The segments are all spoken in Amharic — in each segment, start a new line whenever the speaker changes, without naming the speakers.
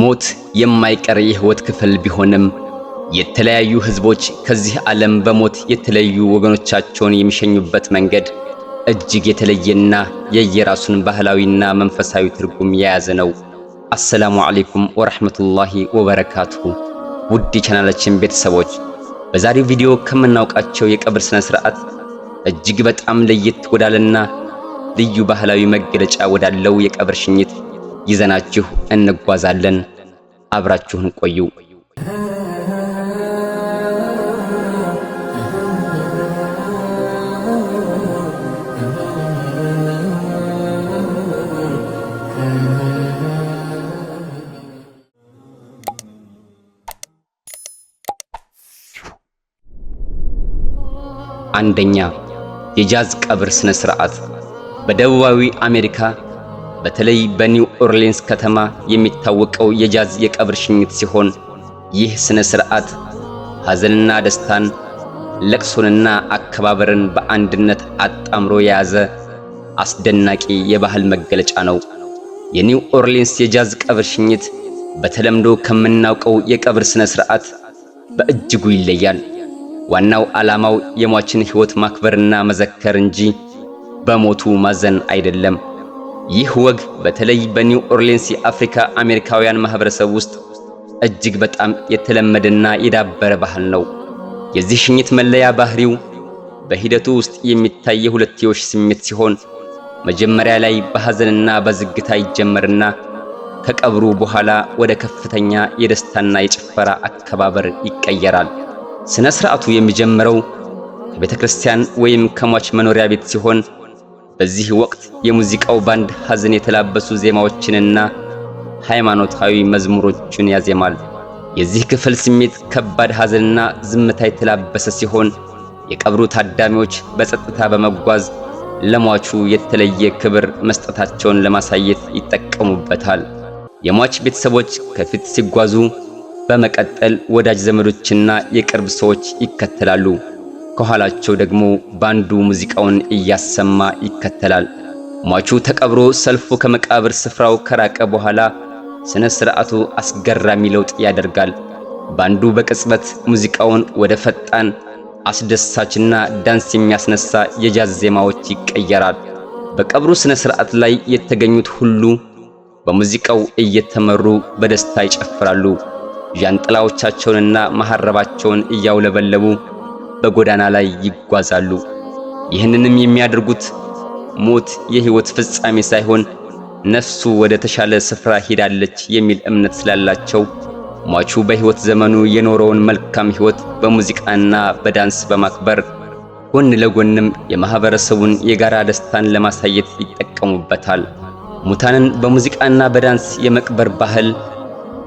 ሞት የማይቀር የህይወት ክፍል ቢሆንም የተለያዩ ህዝቦች ከዚህ ዓለም በሞት የተለዩ ወገኖቻቸውን የሚሸኙበት መንገድ እጅግ የተለየና የየራሱን ባህላዊና መንፈሳዊ ትርጉም የያዘ ነው። አሰላሙ አሌይኩም ወራህመቱላሂ ወበረካቱሁ። ውድ የቻናላችን ቤተሰቦች በዛሬው ቪዲዮ ከምናውቃቸው የቀብር ስነ ስርዓት እጅግ በጣም ለየት ወዳለና ልዩ ባህላዊ መገለጫ ወዳለው የቀብር ሽኝት ይዘናችሁ እንጓዛለን። አብራችሁን ቆዩ። አንደኛ የጃዝ ቀብር ስነ ስርዓት በደቡባዊ አሜሪካ በተለይ በኒው ኦርሊንስ ከተማ የሚታወቀው የጃዝ የቀብር ሽኝት ሲሆን ይህ ስነ ስርዓት ሐዘንና ደስታን ለቅሶንና አከባበርን በአንድነት አጣምሮ የያዘ አስደናቂ የባህል መገለጫ ነው። የኒው ኦርሊንስ የጃዝ ቀብር ሽኝት በተለምዶ ከምናውቀው የቀብር ስነ ስርዓት በእጅጉ ይለያል። ዋናው ዓላማው የሟችን ሕይወት ማክበርና መዘከር እንጂ በሞቱ ማዘን አይደለም። ይህ ወግ በተለይ በኒው ኦርሊንስ የአፍሪካ አሜሪካውያን ማህበረሰብ ውስጥ እጅግ በጣም የተለመደና የዳበረ ባህል ነው። የዚህ ሽኝት መለያ ባህሪው በሂደቱ ውስጥ የሚታይ የሁለትዮሽ ስሜት ሲሆን መጀመሪያ ላይ በሐዘንና በዝግታ ይጀመርና ከቀብሩ በኋላ ወደ ከፍተኛ የደስታና የጭፈራ አከባበር ይቀየራል። ሥነ ሥርዓቱ የሚጀምረው ከቤተ ክርስቲያን ወይም ከሟች መኖሪያ ቤት ሲሆን በዚህ ወቅት የሙዚቃው ባንድ ሐዘን የተላበሱ ዜማዎችንና ሃይማኖታዊ መዝሙሮችን ያዜማል። የዚህ ክፍል ስሜት ከባድ ሐዘንና ዝምታ የተላበሰ ሲሆን የቀብሩ ታዳሚዎች በጸጥታ በመጓዝ ለሟቹ የተለየ ክብር መስጠታቸውን ለማሳየት ይጠቀሙበታል። የሟች ቤተሰቦች ከፊት ሲጓዙ፣ በመቀጠል ወዳጅ ዘመዶችና የቅርብ ሰዎች ይከተላሉ። ከኋላቸው ደግሞ ባንዱ ሙዚቃውን እያሰማ ይከተላል። ሟቹ ተቀብሮ ሰልፉ ከመቃብር ስፍራው ከራቀ በኋላ ስነ ስርዓቱ አስገራሚ ለውጥ ያደርጋል። ባንዱ በቅጽበት ሙዚቃውን ወደ ፈጣን አስደሳችና ዳንስ የሚያስነሳ የጃዝ ዜማዎች ይቀየራል። በቀብሩ ስነ ስርዓት ላይ የተገኙት ሁሉ በሙዚቃው እየተመሩ በደስታ ይጨፍራሉ። ዣንጥላዎቻቸውንና መሐረባቸውን እያውለበለቡ በጎዳና ላይ ይጓዛሉ። ይህንንም የሚያደርጉት ሞት የህይወት ፍጻሜ ሳይሆን ነፍሱ ወደ ተሻለ ስፍራ ሄዳለች የሚል እምነት ስላላቸው ሟቹ በህይወት ዘመኑ የኖረውን መልካም ህይወት በሙዚቃና በዳንስ በማክበር ጎን ለጎንም የማህበረሰቡን የጋራ ደስታን ለማሳየት ይጠቀሙበታል። ሙታንን በሙዚቃና በዳንስ የመቅበር ባህል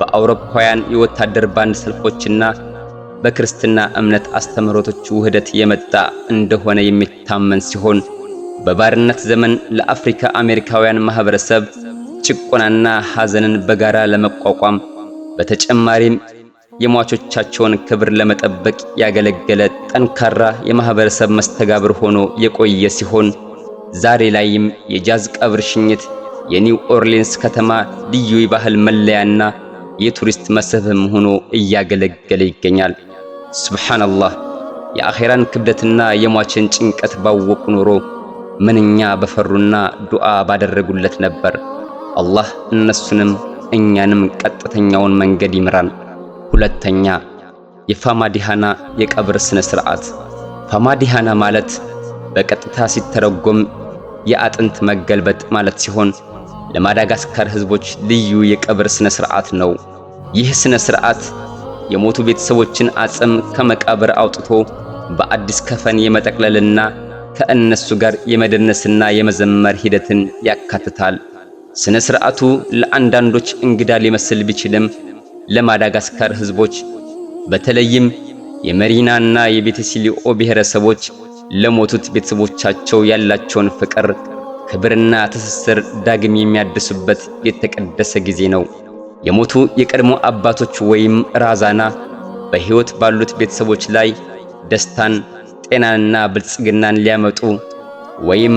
በአውሮፓውያን የወታደር ባንድ ሰልፎችና በክርስትና እምነት አስተምህሮቶች ውህደት የመጣ እንደሆነ የሚታመን ሲሆን በባርነት ዘመን ለአፍሪካ አሜሪካውያን ማህበረሰብ ጭቆናና ሐዘንን በጋራ ለመቋቋም በተጨማሪም የሟቾቻቸውን ክብር ለመጠበቅ ያገለገለ ጠንካራ የማህበረሰብ መስተጋብር ሆኖ የቆየ ሲሆን ዛሬ ላይም የጃዝ ቀብር ሽኝት የኒው ኦርሊንስ ከተማ ልዩ የባህል መለያና የቱሪስት መስህብም ሆኖ እያገለገለ ይገኛል። ስብሓንላህ የአኼራን ክብደትና የሟችን ጭንቀት ባወቁ ኖሮ ምንኛ በፈሩና ዱዓ ባደረጉለት ነበር። አላህ እነሱንም እኛንም ቀጥተኛውን መንገድ ይምራን። ሁለተኛ የፋማዲሃና የቀብር ስነ ስርዓት። ፋማዲሃና ማለት በቀጥታ ሲተረጎም የአጥንት መገልበጥ ማለት ሲሆን ለማዳጋስካር ህዝቦች ልዩ የቀብር ስነ ስርዓት ነው። ይህ ስነ ስርዓት የሞቱ ቤተሰቦችን አጽም ከመቃብር አውጥቶ በአዲስ ከፈን የመጠቅለልና ከእነሱ ጋር የመደነስና የመዘመር ሂደትን ያካትታል። ስነ ስርዓቱ ለአንዳንዶች እንግዳ ሊመስል ቢችልም ለማዳጋስካር ህዝቦች በተለይም የመሪናና የቤተሲሊኦ ብሔረሰቦች ለሞቱት ቤተሰቦቻቸው ያላቸውን ፍቅር፣ ክብርና ትስስር ዳግም የሚያድሱበት የተቀደሰ ጊዜ ነው። የሞቱ የቀድሞ አባቶች ወይም ራዛና በሕይወት ባሉት ቤተሰቦች ላይ ደስታን፣ ጤናንና ብልጽግናን ሊያመጡ ወይም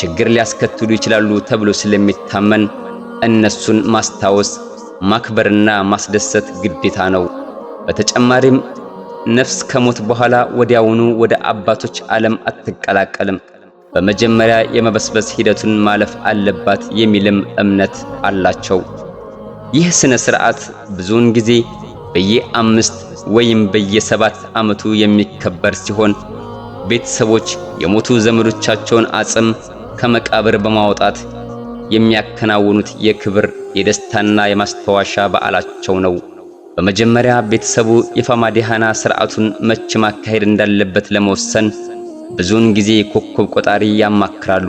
ችግር ሊያስከትሉ ይችላሉ ተብሎ ስለሚታመን እነሱን ማስታወስ ማክበርና ማስደሰት ግዴታ ነው። በተጨማሪም ነፍስ ከሞት በኋላ ወዲያውኑ ወደ አባቶች ዓለም አትቀላቀልም፣ በመጀመሪያ የመበስበስ ሂደቱን ማለፍ አለባት የሚልም እምነት አላቸው። ይህ ስነ ስርዓት ብዙውን ጊዜ በየአምስት ወይም በየሰባት ዓመቱ የሚከበር ሲሆን ቤተሰቦች የሞቱ ዘመዶቻቸውን አጽም ከመቃብር በማውጣት የሚያከናውኑት የክብር የደስታና የማስታወሻ በዓላቸው ነው። በመጀመሪያ ቤተሰቡ የፋማዲሃና ስርዓቱን መቼ ማካሄድ እንዳለበት ለመወሰን ብዙውን ጊዜ ኮከብ ቆጣሪ ያማክራሉ።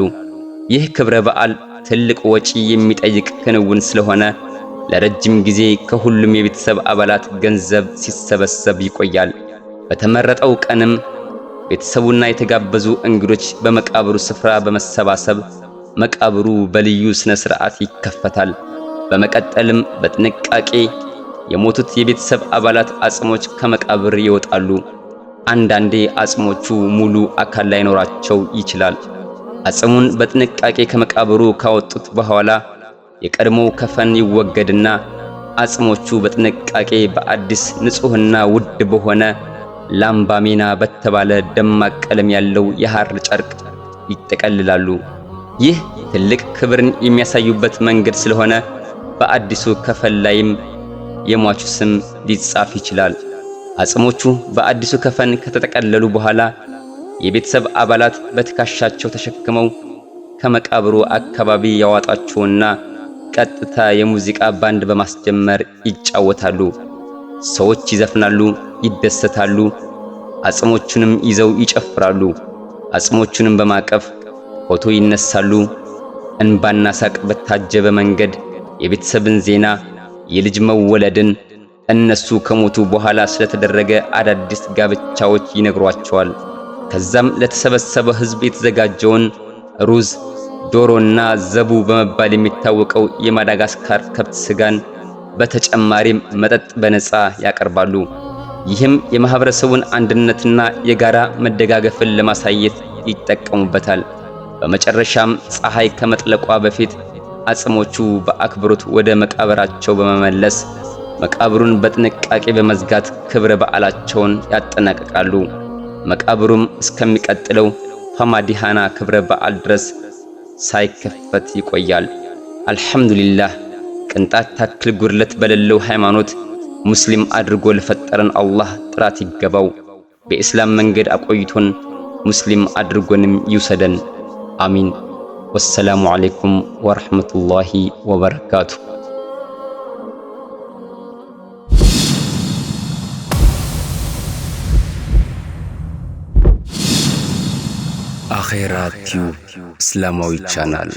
ይህ ክብረ በዓል ትልቅ ወጪ የሚጠይቅ ክንውን ስለሆነ ለረጅም ጊዜ ከሁሉም የቤተሰብ አባላት ገንዘብ ሲሰበሰብ ይቆያል። በተመረጠው ቀንም ቤተሰቡና የተጋበዙ እንግዶች በመቃብሩ ስፍራ በመሰባሰብ መቃብሩ በልዩ ሥነ ሥርዓት ይከፈታል። በመቀጠልም በጥንቃቄ የሞቱት የቤተሰብ አባላት አጽሞች ከመቃብር ይወጣሉ። አንዳንዴ አጽሞቹ ሙሉ አካል ላይኖራቸው ይችላል። አጽሙን በጥንቃቄ ከመቃብሩ ካወጡት በኋላ የቀድሞው ከፈን ይወገድና አጽሞቹ በጥንቃቄ በአዲስ ንጹሕና ውድ በሆነ ላምባሜና በተባለ ደማቅ ቀለም ያለው የሐር ጨርቅ ይጠቀልላሉ። ይህ ትልቅ ክብርን የሚያሳዩበት መንገድ ስለሆነ በአዲሱ ከፈን ላይም የሟቹ ስም ሊጻፍ ይችላል። አጽሞቹ በአዲሱ ከፈን ከተጠቀለሉ በኋላ የቤተሰብ አባላት በትከሻቸው ተሸክመው ከመቃብሩ አካባቢ ያዋጣቸውና ቀጥታ የሙዚቃ ባንድ በማስጀመር ይጫወታሉ። ሰዎች ይዘፍናሉ፣ ይደሰታሉ። አጽሞቹንም ይዘው ይጨፍራሉ። አጽሞቹንም በማቀፍ ፎቶ ይነሳሉ። እንባና ሳቅ በታጀበ መንገድ የቤተሰብን ዜና፣ የልጅ መወለድን፣ እነሱ ከሞቱ በኋላ ስለተደረገ አዳዲስ ጋብቻዎች ይነግሯቸዋል። ከዛም ለተሰበሰበ ሕዝብ የተዘጋጀውን ሩዝ ዶሮና ዘቡ በመባል የሚታወቀው የማዳጋስካር ከብት ስጋን በተጨማሪም መጠጥ በነፃ ያቀርባሉ። ይህም የማህበረሰቡን አንድነትና የጋራ መደጋገፍን ለማሳየት ይጠቀሙበታል። በመጨረሻም ፀሐይ ከመጥለቋ በፊት አጽሞቹ በአክብሮት ወደ መቃብራቸው በመመለስ መቃብሩን በጥንቃቄ በመዝጋት ክብረ በዓላቸውን ያጠናቅቃሉ። መቃብሩም እስከሚቀጥለው ፋማዲሃና ክብረ በዓል ድረስ ሳይከፈት ይቆያል። አልሐምዱሊላህ ቅንጣት ታክል ጉድለት በሌለው ሃይማኖት ሙስሊም አድርጎ ለፈጠረን አላህ ጥራት ይገባው። በእስላም መንገድ አቆይቶን ሙስሊም አድርጎንም ይውሰደን። አሚን። ወሰላሙ ዓለይኩም ወረሕመቱላሂ ወበረካቱ። አኼራ ቲዩብ እስላማዊ ቻናል